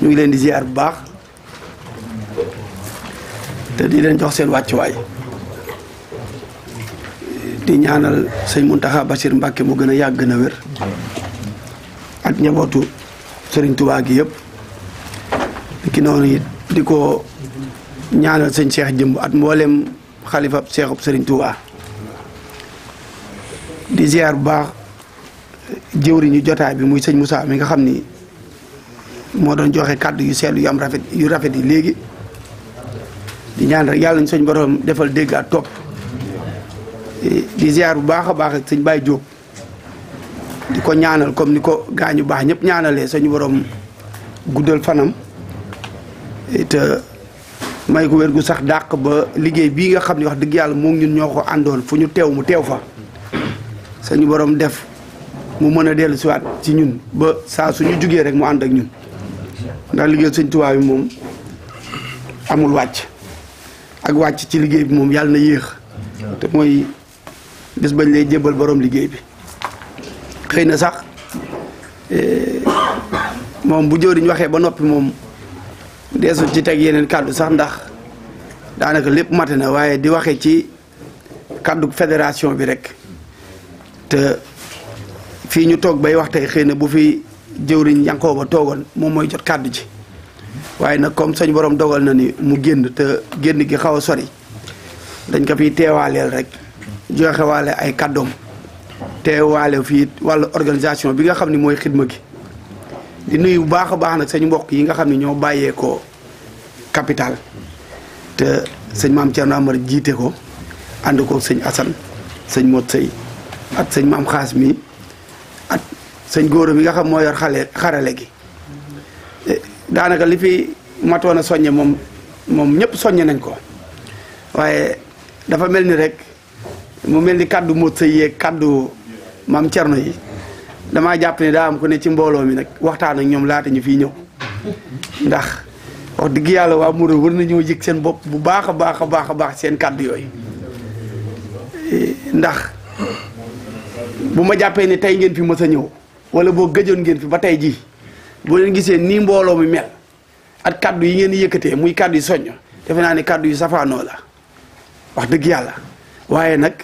ñu ngi leen di ziar bu baax te di leen jox seen wàccuwaay di ñaanal sëñ Muntaxa Bachir Mbàkke mu gën a yàgg gën a wér ak njabootu sëriñ Tubaa gi yëpp ki noonu it di ko ñaanal sëñ Cheikh Jëmb at mboolem xalifa Seexub sëriñ Tubaa di ziar bu baax jëwriñu jotaay bi muy sëñ Moussa mi nga xam ni moo doon joxe kàddu yu seetlu yu am rafet yu rafet yi léegi di ñaan rek yàlla nañ suñ borom defal dégg ak topp di ziar bu baax a baax ak sëñ Baye Diop di ko ñaanal comme ni ko gaañu baax ñëpp ñaanalee suñu borom guddal fanam te may ko wér gu sax dàq ba liggéey bii nga xam ne wax dëgg yàlla moom ñun ñoo ko àndoon fu ñu teew mu teew fa suñu borom def mu mën a dellu siwaat ci ñun ba saa suñu jugee rek mu ànd ak ñun ndax liggéeyal sëñ Tuubaa bi moom amul wàcc ak wàcc ci liggéey bi moom yàlla na yéex te mooy bis bañ lay jëbbal boroom liggéey bi xëy na sax eh, moom bu jëwriñ waxee ba noppi moom deesul ci teg yeneen kàddu sax ndax daanaka lépp mate na waaye di waxee ci kàddu fédération bi rek te fii ñu toog bay wax tey xëy na bu fi jëwriñ yankoo ba toogoon moom mooy jot kàddu ji waaye nag comme sañ boroom dogal na ni mu génn te génn gi xaw a sori dañ ko fi teewaaleel rek joxewaale ay kàddoom teewaale fii walla organisation bi nga xam ne mooy xidma gi di nuyu bu baax a baax nag sañ mbokk yi nga xam ne ñoo bàyyee ko capital te sëñ maam Thierno Amar jiite ko ànd ko sëñ Assane sëñ Mot Sey ak sëñ maam Xaas mi sëñ góor bi nga xam moo yor xale xarale gi eh, daanaka li fi matoon a soññe moom moom ñëpp soññe nañ ko waaye dafa mel ni rek mu mel ni kaddu mot sa yeeg kaddu maam cerno yi damaa jàpp ni daa am ko ne ci mbooloo mi nag waxtaan ak ñoom laata ñu fii ñëw ndax wax dëgg yàlla waa Mourou war nañoo yëg seen bopp bu baax a baax a baax a baax seen kàddu yooyu eh, ndax bu ma jàppee ni tey ngeen fi mës a ñëw. wala boo gëjoon ngeen fi ba tey jii boo leen gisee nii mbooloo mi mel ak kàddu yi ngeen yëkkatee muy kaddu yi soññ defe naa ne kàddu yu safaanoo la wax dëgg yàlla waaye nag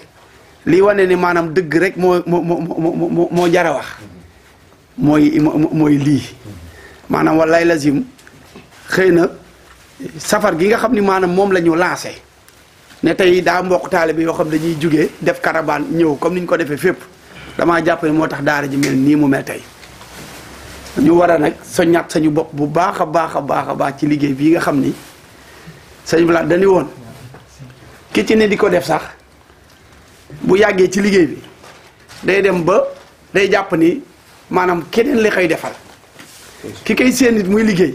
lii wane ne maanaam dëgg rek moo moo moo moo jara wax mooy mooy lii maanaam wallaay lazim xëy na safar gi nga xam ni maanaam moom la ñu lancé ne tey daa mbokk taalibe yoo xam dañuy jugee def caravane ñëw comme ni ñu ko defee fépp. damaa jàpp ne moo tax daara ji mel nii mu mel tey ñu war a nag soññaat sañu bopp bu baax a baax baax a baax ci liggéey bii nga xam ni sëñ Bala dañu woon ki ci ne di ko def sax bu yàggee ci liggéey bi day dem ba day jàpp ni maanaam keneen la koy defal ki koy seen nit muy liggéey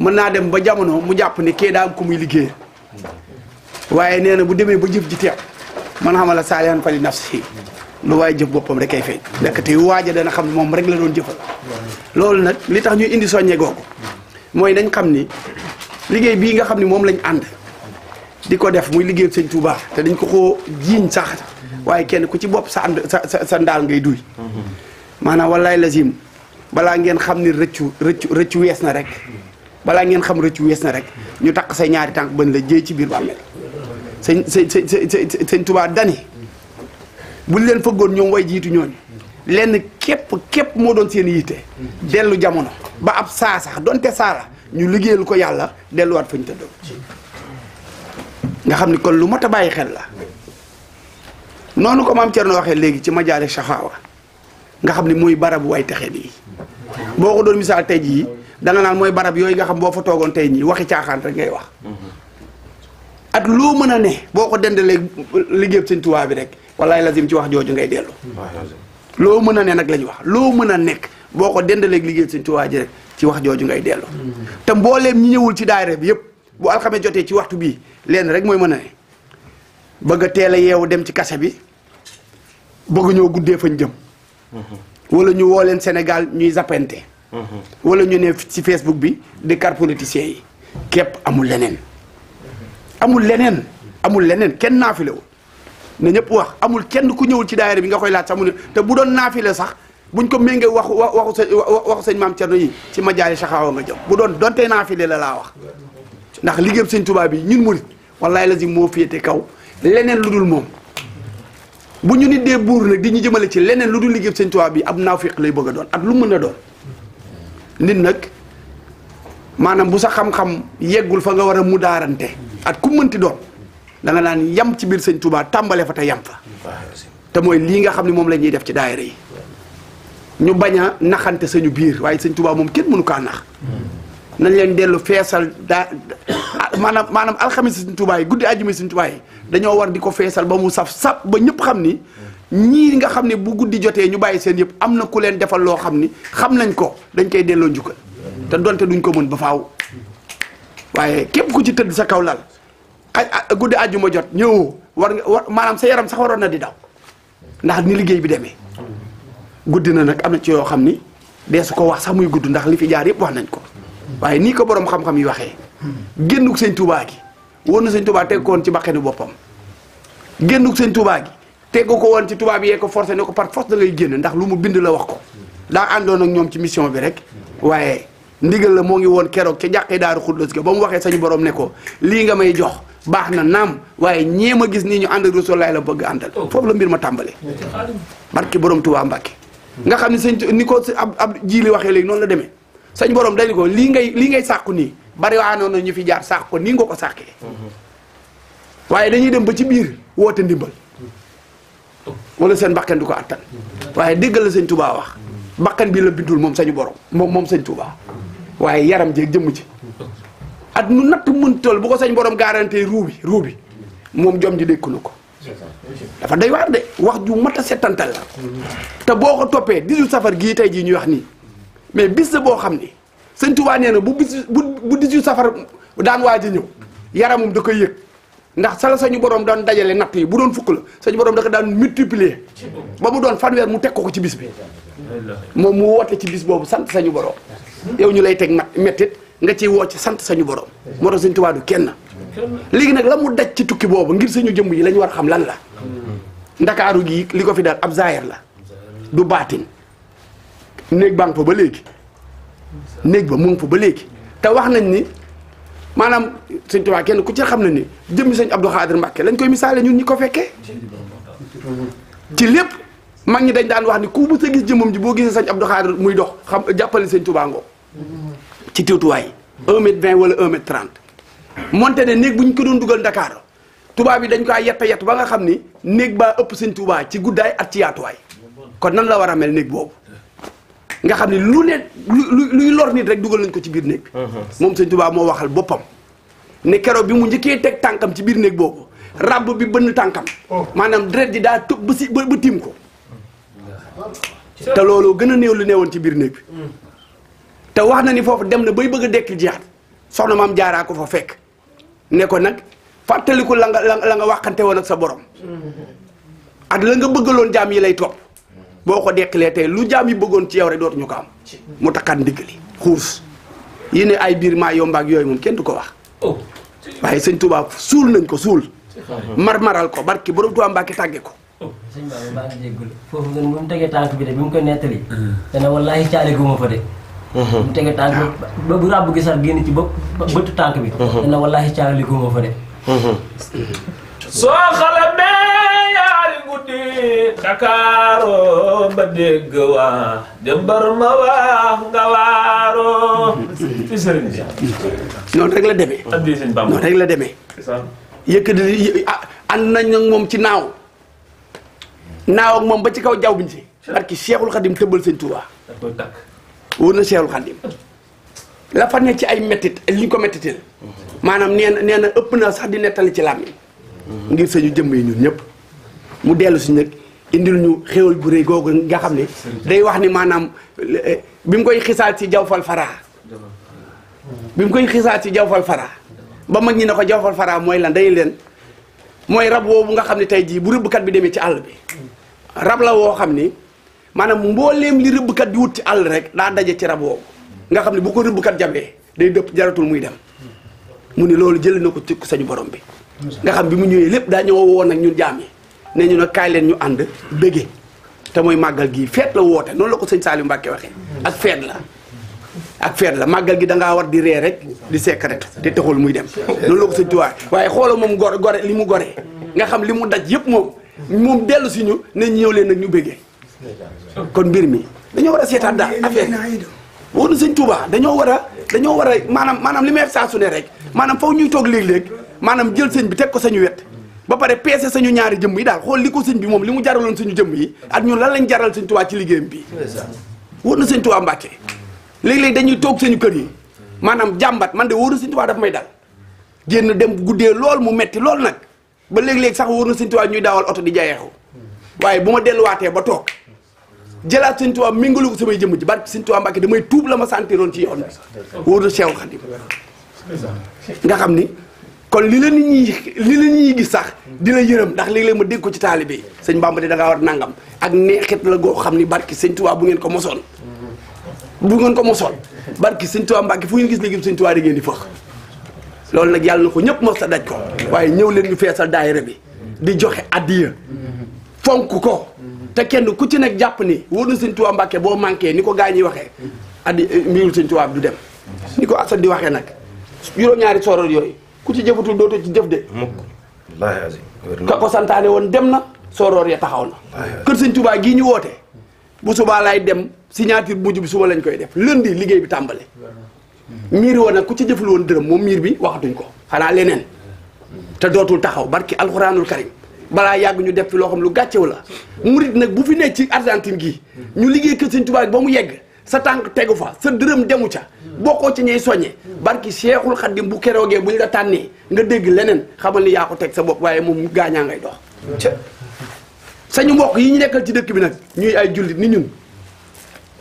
mën naa dem ba jamono mu jàpp ni kee daa am ko muy liggéey waaye nee na bu demee ba jëf ji teew man xamala saalihan fali nafsi lu waaye jëf boppam rek ay feeñ nekk te waaja dana xam ne moom rek la doon jëfal loolu nag li tax ñuy indi soññe googu mooy nañ xam ni liggéey bii nga xam ni moom lañ ànd di ko def muy liggéey sëñ Touba te dañ ko ko jiiñ sax waaye kenn ku ci bopp sa ànd sa sa ndaal ngay duy maanaam wallaay lazim balaa ngeen xam ni rëccu rëccu rëccu wees na rek balaa ngeen xam rëccu wees na rek ñu taq say ñaari tànk bañ la jéey ci biir bàmmeel sëñ sëñ sëñ sëñ Touba dani buñ leen fëggoon ñoom way jiitu ñooñu lenn képp képp moo doon seen yiite. dellu jamono ba ab saa sax te saa la ñu liggéeyal ko yàlla delluwaat fa ñu tëddoon nga xam ni kon lu mat a bàyyi xel la noonu ko maam Thierno waxee léegi ci majaale Shafaawa nga xam ni mooy barabu way texe nii boo ko doon misaal tey jii danga naan mooy barab yooyu nga xam boo fa toogoon tey ñii waxi caaxaan rek ngay wax. at loo mën a ne boo ko dendalee liggéeyam sëñ bi rek. walaay lazim ci wax jooju ngay dellu loo mën a ne nag la ñu wax loo mën a nekk boo ko dendaleeg liggéey Sëñ Tuubaa ji rek ci wax jooju ngay dellu te mbooleem ñi ñëwul ci daayira bi yëpp bu alxames jotee ci waxtu bi leen rek mooy mën a ne bëgg a teel a yeewu dem ci kase bi bëgg ñoo guddee fañ jëm wala ñu woo leen Sénégal ñuy zappante wala ñu ne ci Facebook bi di kar politicien yi képp amul leneen amul leneen amul leneen kenn naafilewul ne ñëpp wax amul kenn ku ñëwul ci daayira bi nga koy laaj sax mu ne te bu doon naafile sax buñ ko méngee waxu waxu waxu sa maam Thierno yi ci sax saxaawa nga jëm bu doon donte naafile la laa wax ndax liggéeyam sëñ tubaab bi ñun murit wallaay lazim moo féete kaw leneen lu dul moom bu ñu nit nag di ñu jëmale ci leneen dul liggéeyam sëñ Tuubaa bi ab naafiq lay bëgg doon ak lu mën a doon nit nag maanaam bu sa xam-xam yeggul fa nga war a mudaarante at ku mënti doon danga naan yam ci biir sëñ Touba tàmbale fa te yam fa te mooy lii nga xam ne moom la ñuy def ci daayira yi ñu bañ a naxante sañu biir waaye sëñ Touba moom kenn mënu kaa nax nañ leen dellu feesal daa maanaam maanaam alxamis sëñ Touba yi guddi àjjuma sëñ Touba yi dañoo war di ko feesal ba mu saf sap ba ñëpp xam ni ñii nga xam ne bu guddi jotee ñu bàyyi seen yëpp am na ku leen defal loo xam ni xam nañ ko dañ koy delloo njukkal te donte duñ ko mën ba faaw waaye képp ku ci tëdd sa kaw lal xaj ah, guddi àjjuma jot ñëwoo war nga war maanaam sa yaram sax waroon na di daw ndax ni liggéey bi demee guddi na nag am na ci yoo xam ni deesu ko wax sax muy gudd ndax li fi jaar yëpp wax nañ ko waaye nii ko borom xam-xam yi waxee génnuk sëñ tubaa gi wóor na sëñ tubaa teg ko woon ci baqenu boppam génnuk sëñ tubaa gi teg ko woon ci tubaab yee ko forcé ne ko par force da ngay génn ndax lu mu bind la wax ko daa àndoon ak ñoom ci mission bi rek waaye ndigal la moo ngi woon keroog ca jàqee daaru xuddos ga ba mu waxee sañu borom ne ko lii nga may jox baax na naam waaye ñee ma gis nii ñu ànd ak la bëgg àndal oh. foofu la mbir ma tàmbalee barke borom tubaa Mbàkke hmm. nga xam ne sëñ ni ko ab ab jiili waxee léegi noonu la demee sëñ boroom dañu ko lii ngay lii ngay sàkku nii bari waa noonu ñu fi jaar sàkk ko nii nga ko sàkkee hmm. waaye dañuy dem ba ci biir woote ndimbal hmm. wala seen bakkan du ko attan waaye déggal la sëñ Tuubaa wax bakkan bi la bindul moom sañu borom moom moom sëñ Tuubaa waaye yaram jeeg jëmm ci at nu natt mun toll bu ko sañ borom garanté ruubi ruubi moom jom ji dékku na ko. dafa day waar de wax ju mat a settantal la. te boo ko toppee 18 safar gii tey jii ñuy wax nii mais bis na boo xam ne sëñ Tuubaa nee na bu bis bu bu 18 safar daan waaj a ñëw yaramum yëg ndax sala sañu borom daan dajale natt yi bu doon fukk la sañu borom da daan multiplier ba mu doon fanweer mu teg ko ci bis bi moom mu woote ci bis boobu sant sañu borom yow ñu lay teg mat mettit nga ciy woo ci sant sañu borom moo tax Sëñ kenn léegi nag la mu daj ci tukki boobu ngir suñu jëmm yi lañu war xam lan la ndakaaru gi li ko fi daal ab zaahir la du baatin néeg baa fa ba léegi néeg ba mu fa ba léegi te wax nañ ni maanaam Sëñ Tuubaa kenn ku ci xam na ni jëmm sañ Abdou Khadre Mbàkke lañ koy misaale ñun ñi ko fekkee ci lépp mag ñi dañ daan wax ni ku bu sa gis jëmmam ji boo gisee Sëñ Abdou Khadre muy dox xam jàppale Sëñ Tuubaa ngoo ci tuutuwaay 1 mètre 20 wala 1 mètre 30. monte ne néeg bu ñu ko doon dugal Dakar tubaab yi dañ ko yett yett ba nga xam ni néeg baa ëpp sëñ Tuubaa ci guddaay ak ci yaatuwaay kon nan la war a mel néeg boobu nga xam ni lu ne lu luy lor nit rek dugal nañ ko ci biir néeg bi uh-huh. moom sëñ Tuubaa moo waxal boppam ne keroog bi mu njëkkee teg tànkam ci biir néeg boobu ràbb bi bënn tànkam oh. maanaam deret ji daa tëb ba si ba tiim ko te looloo gën a néew lu neewoon ci biir néeg bi mm. te wax na ni foofu dem na bay bëgg a dekk jihaat soxna maam jaaraa ko fa fekk ne ko nag fàttaliku la nga la nga waxante woon ak sa borom at la nga bëggaloon jaam yi lay topp boo ko dekkilee tey lu jaam yi bëggoon ci yow rek dootuñu ko am mu takkaat ndigg li xuus yi ne ay biir maa yombaak yooyu moom kenn du ko wax oh. waaye sëñ Tuubaa suul nañ ko suul marmaral ko barki borom Tuubaa Mbàkke tàgge ko oh. sëñ Ba maa ngi jéggul foofu bi de bi mu Mhm. mu tege tànk ba bu ràbb gi sax génn ci bopp bëtt tànk bi dana mhm. wallaahi caaxali góoma fa de mhm. soo xalamee yaari guddi Ndakaaro ba dégg waa jëmbar ma waa nga waaro ci sëriñ bi noonu rek la demee noonu rek la demee yëkkati ah, nañ nag moom ci naaw naaw moom ba ci kaw jaww biñ si barki Seexul Xadim tëbbal sëñ Tuubaa wóor na Seexul Xadim la fa ne ci ay mettit li ñu ko mettitil maanaam nee na nee na ëpp naa sax di nettali ci làmmiñ ngir sañu jëmm yi ñun ñëpp mu dellu si nag indil ñu xéwal bu rëy googu nga xam ni day wax ni maanaam eh, bi mu koy xisaal ci jawfal faraa bi mu koy xisaal ci jawfal faraa ba mag ñi ne ko jawfal faraa mooy lan day leen mooy rab woowu nga xam ne tey jii bu rëbbkat bi demee ci àll bi rab la woo xam ni maanaam mbooleem li rëbbkat di wut ci àll rek daa daje ci rab woowu nga xam ne bu ko rëbbkat jabee day dëpp jaratul muy dem mu ni loolu jëlee na ko ci sañu borom bi nga bi mu ñëwee lépp daa ñëw woon nag ñun jaam yi ne kaay leen ñu ànd bége te mooy màggal gii feet woote noonu la ko sëñ Saliou Mbacke waxee ak feet la ak feet la màggal gi da ngaa war di ree rek di secret te taxul muy dem noonu la ko sëñ waaye xoola moom gore gore li mu gore nga xam li mu daj yëpp moom moom dellu si ñu ne ñëw leen nag ñu bége kon mbir mi dañoo war a seetaat daal affaire wóor na sëñ Touba dañoo war a dañoo war a maanaam maanaam li may saa su ne rek maanaam faw ñuy toog léeg-léeg maanaam jël sëñ bi teg ko sañu wet ba pare peese sañu ñaari jëmm yi daal xool li ko sëñ bi moom li mu jaraloon suñu jëm yi ak ñun lan lañ jaral sëñ Touba ci liggéeyam bi wóor na sëñ Touba Mbàkke léeg-léeg dañuy toog sañu kër yi maanaam jàmbat man de wóor na sëñ Touba daf may dal génn dem guddee lool mu metti lool nag ba léeg sax wóor na sëñ ñuy daawal oto di jayeexu waaye bu delluwaatee ba toog jëlaat sëñ Tuubaa mingale ko samay jëmm ji barke sëñ Tuubaa Mbàkke damay tuub la ma santiroon ci yoon bi wóor na Seexul Xadiim nga xam ni kon li la nit ñi li la ñuy gis sax di la yërëm ndax léeg-léeg ma dégg ko ci taalibe yi sëñ Bàmba de da ngaa war nangam ak neexit la goo xam ni barke sëñ Tuubaa bu ngeen ko mosoon bu ngeen ko mosoon barke sëñ Tuubaa Mbàkke fu ngeen gis léegi sëñ Tuubaa da ngeen di fëx loolu nag yàlla na ko ñëpp mos a daj ko waaye ñëw leen ñu feesal daayira bi di joxe addiya ko te kenn ku ci nekk jàpp ni wóor na sëñ Tuubaa Mbàkke boo manqué ni ko gaa ñi waxee addi eh, mbiwul sëñ Tuubaa du dem ni ko Assane di waxee nag juróom-ñaari soror yooyu ku ci jëfatul dootu ci jëf de ka ko santaane woon dem na sooroor ya taxaw na kër sëñ Tuubaa gii ñu woote bu subaa lay dem si bu mujj bi suba lañ koy def lundi liggéey bi tàmbale miir woo nag ku ci jëful woon dërëm moom miir bi waxatuñ ko xanaa leneen te dootul taxaw barki alxuraanul karim balaa yàgg ñu def fi loo xam lu gàccew la murit nag bu fi ne ci Argentine gi ñu liggéey kër Sëñ Tuubaa ba mu yegg sa tànk tegu fa sa dërëm demu ca bokkoo ci ñey soññe barki Seexul Xaddim bu keroogee bu ñu la tànnee nga dégg leneen xamal ni yaa ko teg sa bopp waaye moom gaañaa ngay dox sañu mbokk yi ñu nekkal ci dëkk bi nag ñuy ay jullit ni ñun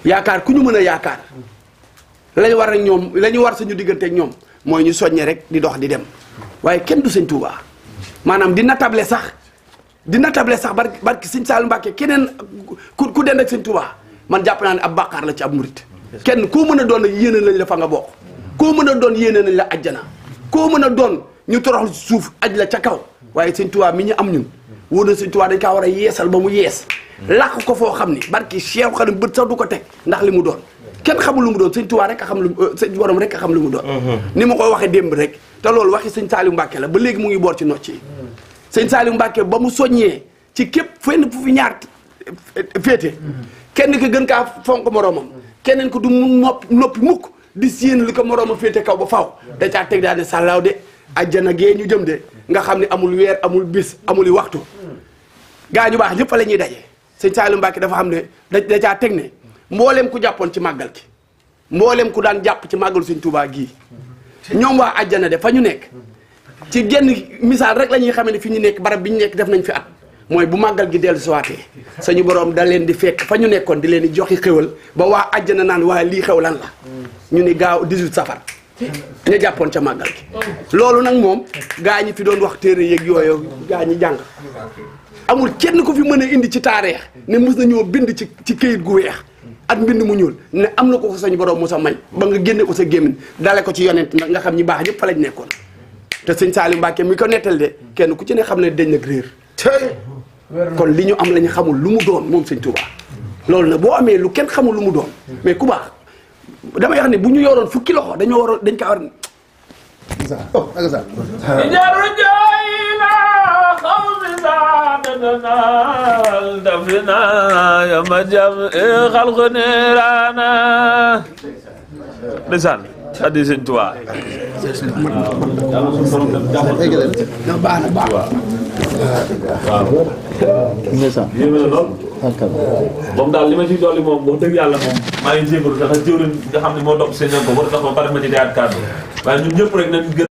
yaakaar ku ñu mën a yaakaar lañu war a ñoom lañu war suñu diggante ak ñoom mooy ñu soññe rek di dox di dem waaye kenn du Sëñ Tuubaa maanaam di natable sax di natable sax barki barki sëñ Saalu Mbàkke keneen ku ku dend ak sëñ man jàpp naa ne ab bàkkaar la ci ab murit kenn koo mën a doon yéene lañ la fa nga bokk koo mën a doon yéene nañ la aj ajjana koo mën a doon ñu toroxal suuf aj la ca kaw waaye sëñ Tuubaa mi ñu am ñun wóor na sëñ Tuubaa dañ kaa war a yeesal ba mu yees làq ko foo xam ni barki Cheikh Xadim bët sax du ko teg ndax li mu doon kenn xamul lu mu doon sëñ Tuubaa rek a xam lu euh, sëñ rek xam lu mu doon mhm. ni ma ko waxee démb rek te loolu waxi sëñ Saalu Mbàkke la ba léegi mu ngi boor ci nocc yi sëñ Saliou Mbacke ba mu soññee ci képp fenn fu fi ñaar féete kenn ki gën kaa fonk moroomam keneen ko du mu noppi noppi mukk di siin li ko moroomam féete kaw ba faw da caa teg daal ne sàllaaw de ajjana gee ñu jëm de nga xam ni amul weer amul bis amul waxtu gaa ñu baax ñëpp fa la daje sëñ Saliou Mbacke dafa xam ne da caa teg ne mbooleem ku jàppoon ci màggal ki mboolem ku daan jàpp ci màggalu sëñ Touba gii ñoom waa ajjana de fa ñu nekk ci genn misaal rek la ñuy xamee ne fi ñu nekk barab bi ñu nekk def nañ fi at mooy bu màggal gi dellu siwaatee sañu boroom da leen di fekk fa ñu nekkoon di leen di joxi xéwal ba waa àjjana naan waa lii xew lan la ñu ni gaaw 18 safar ñu jàppoon ca màggal gi loolu nag moom gaa ñi fi doon wax téere yeeg yooyu gaa ñi jàng amul kenn ku fi mën a indi ci taareex ne mës nañoo bind ci ci këyit gu weex at mbind mu ñuul ne am na ko ko sañ boroom mu sa may ba nga génne ko sa gémmiñ dale ko ci yonent nag nga xam ñi baax ñëpp fa lañ nekkoon te sëñ Saliou Mbacke mi ko nettale de kenn ku ci ne xam ne dañ nag réer kon li ñu am lañu xamul lu mu doon moom sëñ Touba loolu nag boo amee lu kenn xamul lu mu doon mais ku baax damay wax ne bu ñu yoroon fukki loxo dañoo waroon dañ ka war a def na ya sadi sëñ Tuubaa baax na baax waaw yéeme na lool moom daal li ma ciy dolli moom wax dëgg yàlla moom maa ngi jégalu ndax jëwriñ nga xam ne moo topp seen ko war a tax ba pare ma ci dayaat kàddu waaye ñun ñëpp rek nañ gën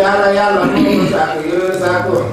yàlla yàlla moom sàkk yooyu sàkk